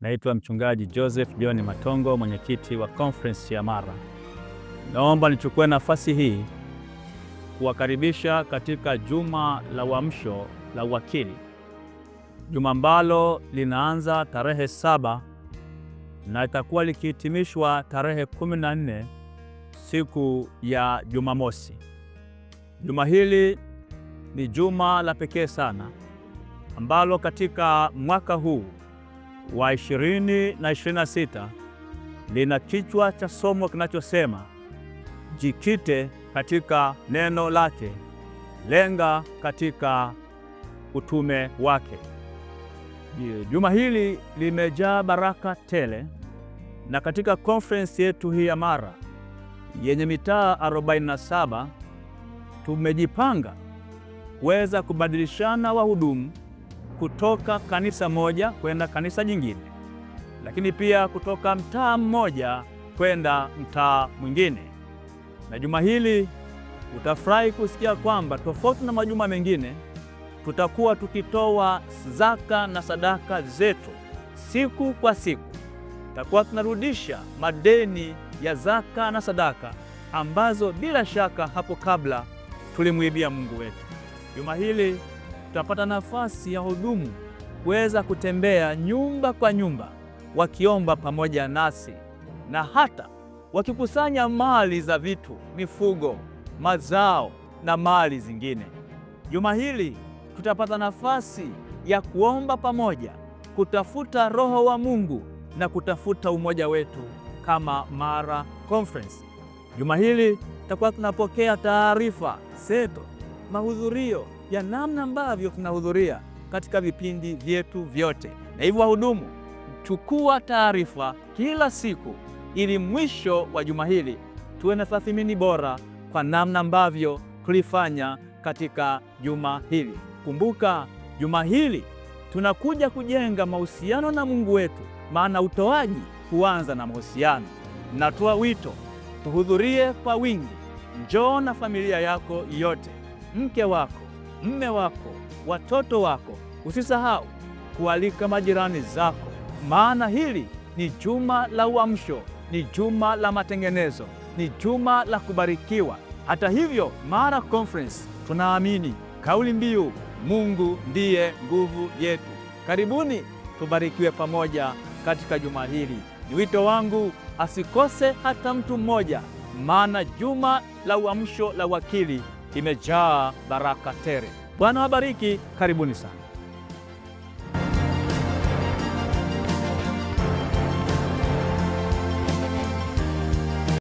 Naitwa Mchungaji Joseph John Matongo, mwenyekiti wa Conference ya Mara. Naomba nichukue nafasi hii kuwakaribisha katika juma la uamsho la uwakili, juma ambalo linaanza tarehe saba na itakuwa likihitimishwa tarehe kumi na nne siku ya Jumamosi. Juma hili ni juma la pekee sana ambalo katika mwaka huu wa 20 na 26 lina kichwa cha somo kinachosema jikite katika neno lake, lenga katika utume wake. Juma hili limejaa baraka tele, na katika konferensi yetu hii ya Mara yenye mitaa 47 tumejipanga kuweza kubadilishana wahudumu kutoka kanisa moja kwenda kanisa jingine, lakini pia kutoka mtaa mmoja kwenda mtaa mwingine. Na juma hili utafurahi kusikia kwamba tofauti na majuma mengine, tutakuwa tukitoa zaka na sadaka zetu siku kwa siku. Tutakuwa tunarudisha madeni ya zaka na sadaka ambazo bila shaka hapo kabla tulimwibia Mungu wetu. Juma hili tutapata nafasi ya hudumu kuweza kutembea nyumba kwa nyumba, wakiomba pamoja nasi na hata wakikusanya mali za vitu, mifugo, mazao na mali zingine. Juma hili tutapata nafasi ya kuomba pamoja, kutafuta Roho wa Mungu na kutafuta umoja wetu kama Mara Conference. Juma hili tutakuwa tunapokea taarifa, seto, mahudhurio ya namna ambavyo tunahudhuria katika vipindi vyetu vyote, na hivyo wahudumu, chukua taarifa kila siku, ili mwisho wa juma hili tuwe na tathmini bora kwa namna ambavyo tulifanya katika juma hili. Kumbuka, juma hili tunakuja kujenga mahusiano na Mungu wetu, maana utoaji huanza na mahusiano. Natoa wito tuhudhurie kwa wingi. Njoo na familia yako yote, mke wako mme wako, watoto wako. Usisahau kualika majirani zako, maana hili ni juma la uamsho, ni juma la matengenezo, ni juma la kubarikiwa. Hata hivyo, Mara Conference tunaamini kauli mbiu Mungu ndiye nguvu yetu. Karibuni tubarikiwe pamoja katika juma hili. Ni wito wangu asikose hata mtu mmoja, maana juma la uamsho la Wakili imejaa baraka tele. Bwana wabariki, karibuni sana.